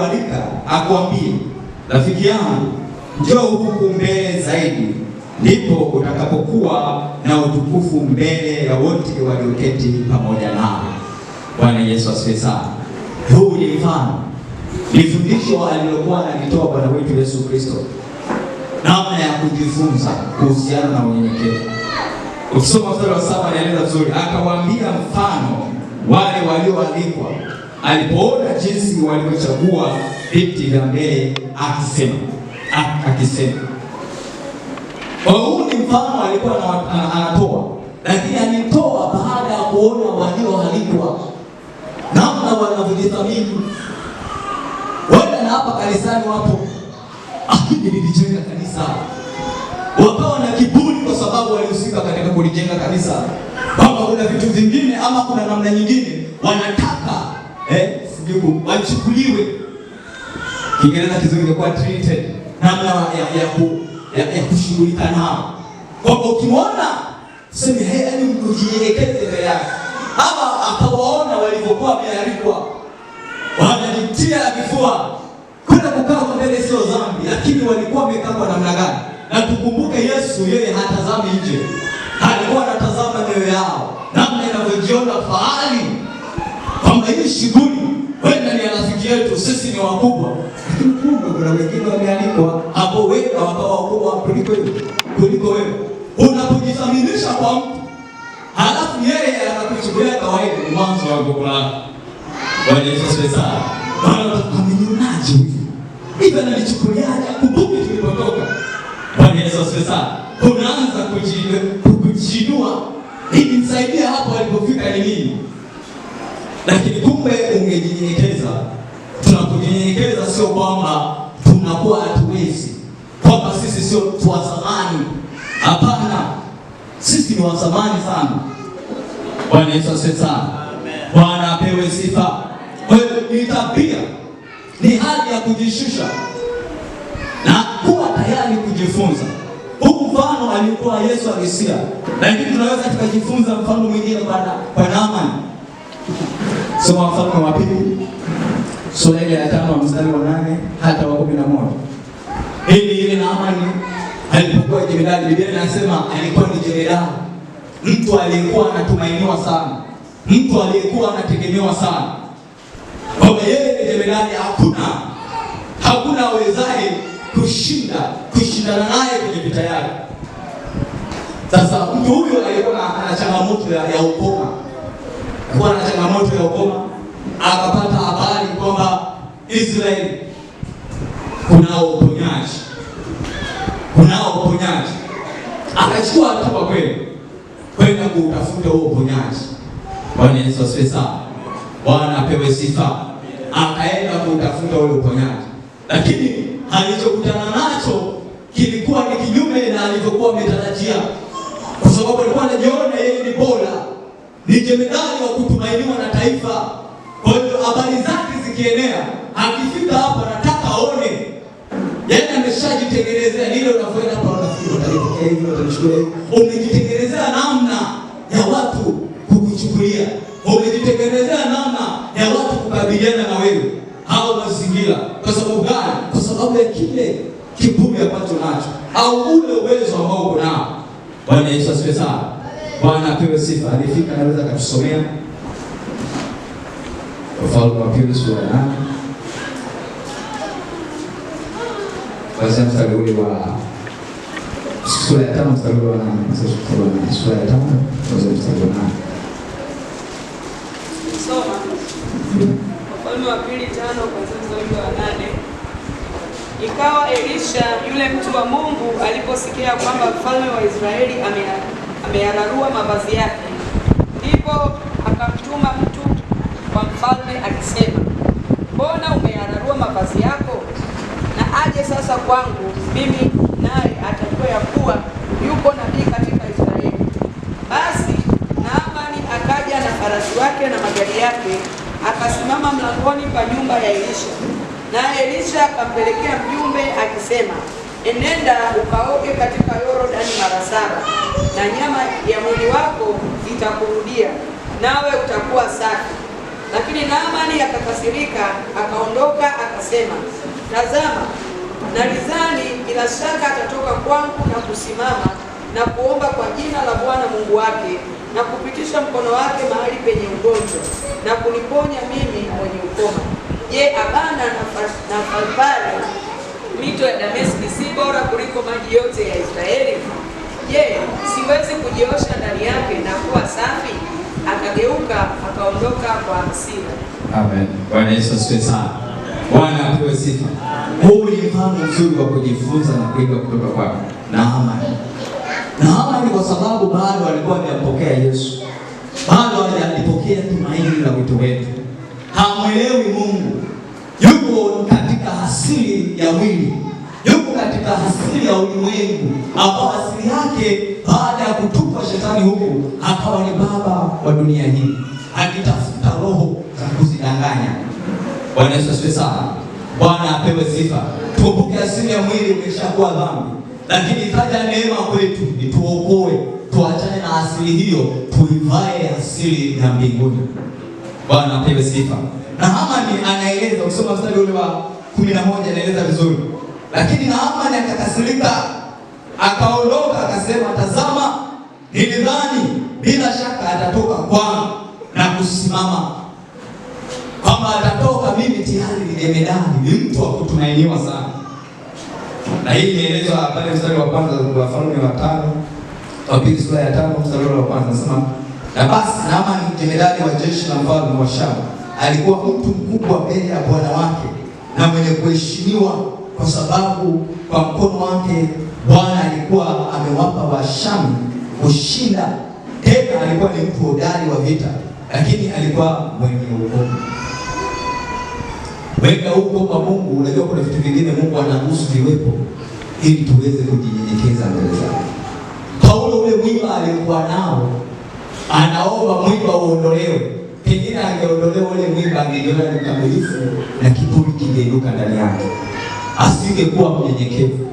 aliyekualika akwambie, rafiki yangu, njoo huku mbele zaidi, ndipo utakapokuwa na utukufu mbele ya wote walioketi pamoja nawe. Bwana Yesu asifiwe sana. Huu ni mfano, ni fundisho alilokuwa analitoa Bwana wetu Yesu Kristo, namna ya kujifunza kuhusiana na unyenyekevu. Ukisoma mstari wa saba anaeleza vizuri, akawaambia mfano wale walioalikwa alipoona jinsi walivyochagua binti za mbele, akisema akisema, huu ni mfano alikuwa anatoa, lakini alitoa baada ya kuona walioalikwa namna wanavyojithamini. Wenda na hapa kanisani wapo lilijenga ah, kanisa, wakawa na kiburi kwa sababu walihusika katika kulijenga kanisa, kwamba kuna vitu vingine ama kuna namna nyingine wanataka eh, sijibu wachukuliwe, Kiingereza kizuri kwa treated, namna ya ya, ku, ya, ya kushughulika nao, kwa ukimwona sema hey, yani ujielekeze mbele yake, ama akawaona walivyokuwa wamearikwa wanajitia kifua kwenda kukaa kwa mbele, sio dhambi, lakini walikuwa wamekaa kwa namna gani? Na tukumbuke Yesu yeye hatazami nje, alikuwa anatazama mioyo yao namna inavyojiona fahari kwamba hii shughuli wenda ni rafiki yetu, sisi ni wakubwa, lakini kumbe kuna wengine wamealikwa hapo, wewe wakawa wakubwa kuliko wewe, kuliko wewe. Unapojithaminisha kwa mtu halafu yeye anakuchukulia kawaida, ni mwanzo wa kukula. Bwana Yesu asifiwe. Bwana utakamilionaje hivi hivi, analichukuliaje? Kumbuke tulipotoka. Bwana Yesu asifiwe. Unaanza kujinua ili nisaidie hapo alipofika ni nini lakini kumbe ungejinyenyekeza. Tunapojinyenyekeza sio kwamba tunakuwa hatuwezi, kwamba sisi sio wa zamani. Hapana, sisi ni wa zamani sana. Bwana Yesu asifiwe sana. Bwana apewe sifa. Kwa hiyo ni tabia, ni hali ya kujishusha na kuwa tayari kujifunza. huku mfano alikuwa Yesu alisia, lakini tunaweza tukajifunza mfano mwingine kwa Naamani. Soma Wafalme wa Pili sura ile ya tano mstari wa nane hata wa kumi na moja. Hili ile Naamani alipokuwa jenerali, Biblia inasema alikuwa ni jenerali, mtu aliyekuwa anatumainiwa sana, mtu aliyekuwa anategemewa sana, kwamba yeye ni jenerali, hakuna hakuna awezaye kushinda kushindana naye kwenye vita yake. Sasa mtu huyo alikuwa na changamoto ya ukoma kuwa na changamoto ya ukoma, akapata habari kwamba Israeli kunao uponyaji, kunao uponyaji, akachukua hatua kweli kwenda kuutafuta huo uponyaji. Bwana Yesu asifiwe sana, Bwana apewe sifa. Akaenda kuutafuta ule uponyaji, lakini alichokutana nacho kilikuwa ni kinyume na alivyokuwa ametarajia, kwa sababu alikuwa anajiona yeye ni bora ni jemedari wa kutumainiwa na taifa. Kwa hiyo habari zake zikienea, akifika hapa nataka aone, yeye yaani, ameshajitengenezea lile. Unavyoenda hapa wanafikiri hivyo utanichukulia, umejitengenezea namna ya watu kukuchukulia, umejitengenezea namna ya watu kukabiliana na wewe au mazingira. Kwa sababu gani? Kwa sababu ya kile kiburi ambacho nacho au ule uwezo ambao uko nao. Bwana Yesu asifiwe sana. Bwana apewe sifa. Alifika anaweza akatusomea Wafalme wa Pili sura ya nane kuanzia mstari ule wa sura ya tano mstari wa nane sura ya tano kuanzia mstari wa nane soma Wafalme wa Pili tano Ikawa Elisha yule mtu wa Mungu aliposikia kwamba mfalme wa Israeli ameaga ameyararua mavazi yake. Ndipo akamtuma mtu kwa mfalme akisema, mbona umeyararua mavazi yako? Na aje sasa kwangu mimi, naye atajua ya kuwa yuko nabii katika Israeli. Basi Naamani akaja na farasi wake na magari yake, akasimama mlangoni pa nyumba ya Elisha, naye Elisha akampelekea mjumbe akisema, enenda ukaoge katika mlo mara saba, na nyama ya mwili wako itakurudia, nawe utakuwa safi. Lakini Naamani akakasirika, akaondoka, akasema, tazama, nalizani bila shaka atatoka kwangu na kusimama na kuomba kwa jina la Bwana Mungu wake na kupitisha mkono wake mahali penye ugonjwa na kuniponya mimi mwenye ukoma. Je, Abana na Farpara mito ya Dameski si bora kuliko maji yote ya Israeli? Je, siwezi kujiosha ndani yake na kuwa safi? Akageuka akaondoka kwa hasira. Amen. Bwana Yesu asifiwe sana. Bwana apewe sifa. Huu ni mfano mzuri wa kujifunza na kuiga kutoka kwa Naamani. Naamani kwa sababu bado alikuwa hajampokea Yesu, bado hajalipokea tumaini la wito wetu, hamwelewi Mungu yuko asili ya mwili, yuko katika asili ya ulimwengu, ambao asili yake baada ya kutupwa shetani huku akawa ni baba wa dunia hii, akitafuta roho za kuzidanganya. Bwana Yesu asifiwe sana. Bwana apewe sifa. Tukumbuke asili ya mwili umeshakuwa dhambi, lakini itaja neema kwetu ituokoe, tuachane na asili hiyo, tuivae asili ya mbinguni. Bwana apewe sifa. Na Hamani anaeleza ukisoma mstari ule wa kumi na moja inaeleza vizuri, lakini Naamani akakasirika, akaondoka, akasema, tazama, nilidhani bila shaka atatoka kwangu na kusimama, kwamba atatoka mimi tayari ni jemedari, ni mtu wa kutumainiwa sana. Na hii inaelezwa pale mstari wa kwanza wa Wafalme wa tano wa pili sura ya tano mstari wa kwanza nasema na basi Naamani mjemedari wa jeshi la mfalme wa Shamu alikuwa mtu mkubwa mbele ya bwana wake na mwenye kuheshimiwa, kwa sababu kwa mkono wake Bwana alikuwa amewapa Washamu kushinda. Tena alikuwa ni mtu hodari wa vita, lakini alikuwa mwenye uongo. Weka huko kwa Mungu. Unajua, kuna vitu vingine Mungu anaruhusu viwepo ili tuweze kujinyenyekeza mbele zake. Paulo, ule mwiba alikuwa nao, anaomba mwiba uondolewe. Pengine angeondolewa ule mwiba, angejiona ni kamilifu na kitu ingeinuka ndani yake, asingekuwa mnyenyekevu.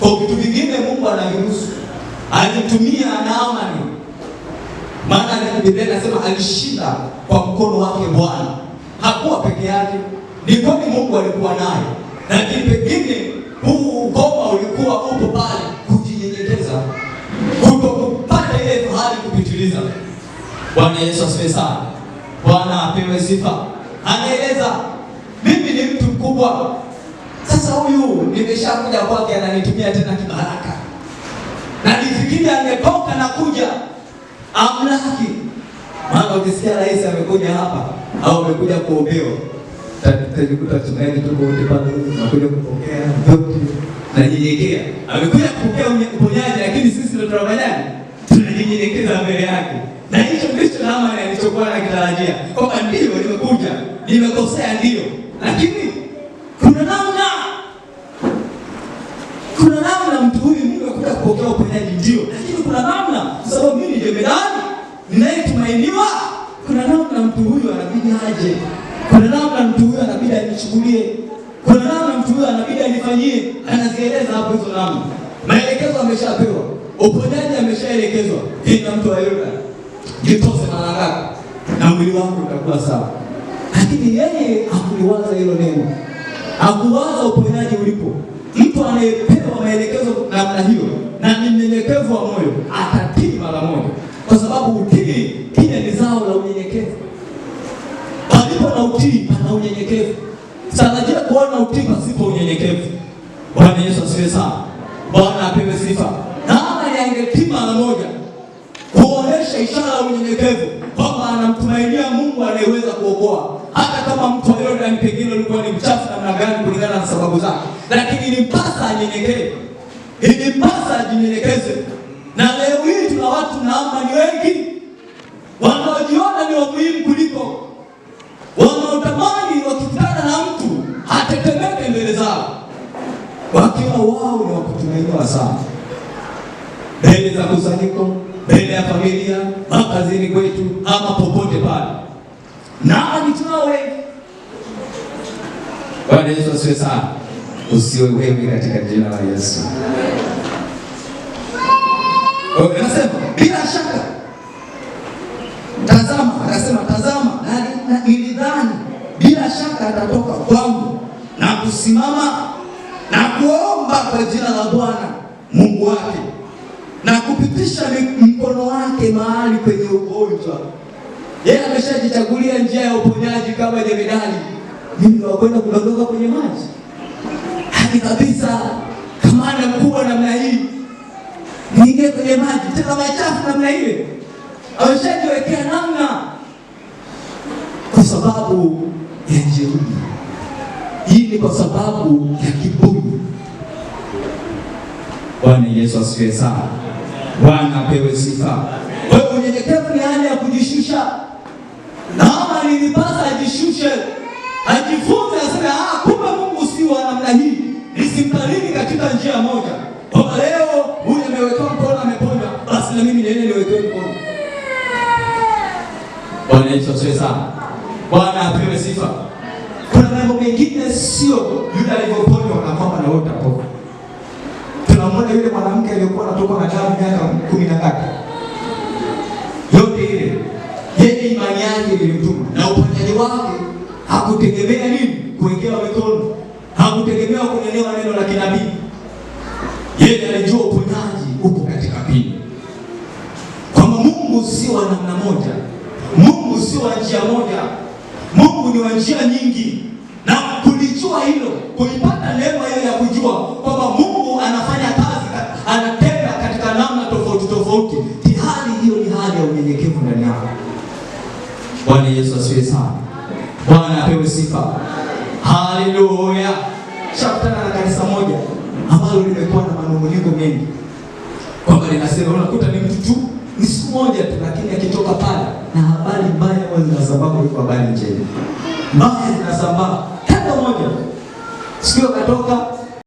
Kwa vitu vingine Mungu anaviruhusu, alitumia Naamani, maana Biblia inasema alishinda kwa mkono wake Bwana. Hakuwa peke yake, ni kweli Mungu alikuwa naye, lakini pengine huu ukoma ulikuwa upo pale kujinyenyekeza, kutokupata ile fahari kupitiliza. Bwana Yesu asifiwe sana. Bwana apewe sifa. Anaeleza mimi mkubwa. Sasa huyu nimeshakuja kwake, ananitumia tena kibaraka, na nifikiri angetoka na kuja amlaki. Maana ukisikia rais amekuja hapa au amekuja kuombewa, tutajikuta tunaenda tuko wote pale, tunakuja kupokea ndoto na nyenyekea. Amekuja kupokea uponyaji, lakini sisi ndio tunafanyaje? Tunajinyenyekeza mbele yake, na hicho ndicho Naamani alichokuwa anakitarajia kwamba ndiyo, nimekuja nimekosea, ndiyo lakini kuelekea uponyaji ndio, lakini kuna namna, kwa sababu mimi ni jemedari ninayetumainiwa. Kuna namna mtu huyu anabidi aje, kuna namna mtu huyu anabidi anichukulie, kuna namna mtu huyu anabidi anifanyie. Anazieleza hapo hizo namna, maelekezo ameshapewa, uponyaji ameshaelekezwa. Ina mtu wa Yuda, jitose mara ngapi na mwili wangu utakuwa sawa. Lakini yeye hakuliwaza hilo neno, hakuwaza uponyaji ulipo. Mtu anayepewa maelekezo namna hiyo na ni mnyenyekevu wa moyo, atatii mara moja, kwa sababu utii pia ni zao la unyenyekevu. Palipo na utii pana unyenyekevu. Tarajia kuona utii pasipo unyenyekevu. Bwana Yesu asifiwe sana. Bwana apewe sifa. Naama yangetii mara moja kuonesha ishara ya unyenyekevu kwamba anamtumainia Mungu anayeweza kuokoa hata kama mtu yeyote Yordani pengine ulikuwa ni mchafu namna gani kulingana na sababu zake, lakini ni mpasa anyenyekee ilipasa ajinyenyekeze. Na leo hii tuna watu naamba ni wengi wanaojiona ni wamuhimu kuliko wanaotamani, wakikutana na mtu hatetemeke mbele zao, wakiwa wao ni wakutumainiwa sana mbele za kusanyiko, mbele ya familia, makazini kwetu, ama popote pale. Nani tunao wengi. Bwana Yesu asiwe sana, usiwe wewe katika jina la Yesu. Anasema eh, bila shaka, tazama, akasema tazama, nilidhani bila shaka atatoka kwangu na kusimama na kuomba kwa jina la Bwana Mungu wake na kupitisha mkono wake mahali kwenye ugonjwa. Yeye ameshajichagulia njia ya uponyaji kama jemedali. Mimi wakwenda kudondoka kwenye maji haki kabisa, kamanda mkubwa namna hii niingie kwenye maji tena machafu namna ile, ameshajiwekea namna, kwa sababu ya jeuri. Hii ni kwa sababu ya kiburi. Bwana Yesu asifiwe sana. Bwana apewe sifa. Kwa hiyo unyenyekevu ni hali ya kujishusha. Naama nilipasa ajishushe, ajifunze, aseme ah, kumbe Mungu si wa namna hii, nisimbariki katika njia moja Baba, leo huyu amewekewa mkono ameponywa, basi na mimi niende niwekewe mkono. Bwana Yesu asifiwe sana. Bwana apewe sifa. Kuna mambo mengine sio yule alivyoponywa na kwamba na wewe utapona. Tunamwona yule mwanamke aliyokuwa anatoka na damu miaka kumi na ngapi, yote ile yeye imani yake ilimtuma, na uponyaji wake hakutegemea nini, kuwekewa mikono, hakutegemea kunenewa neno la kinabii yeye alijua uponyaji upo katika pili, kwamba Mungu si wa namna moja, Mungu si wa njia moja, Mungu ni wa njia nyingi, na kulijua hilo, kulipata neema hiyo ya kujua kwamba Mungu anafanya kazi, anatenda katika namna tofauti tofauti. Hali hiyo ni hali ya unyenyekevu ndani yako. Bwana Yesu asifiwe sana. Bwana apewe sifa. Haleluya. Chapter na kanisa moja ambalo limekuwa na manunguniko mengi, kwamba linasema unakuta ni mtu tu ni siku moja tu, lakini akitoka pale na habari mbaya ambazo zinasambaa kuliko habari njema, mbaya zinasambaa kanda moja, sikio katoka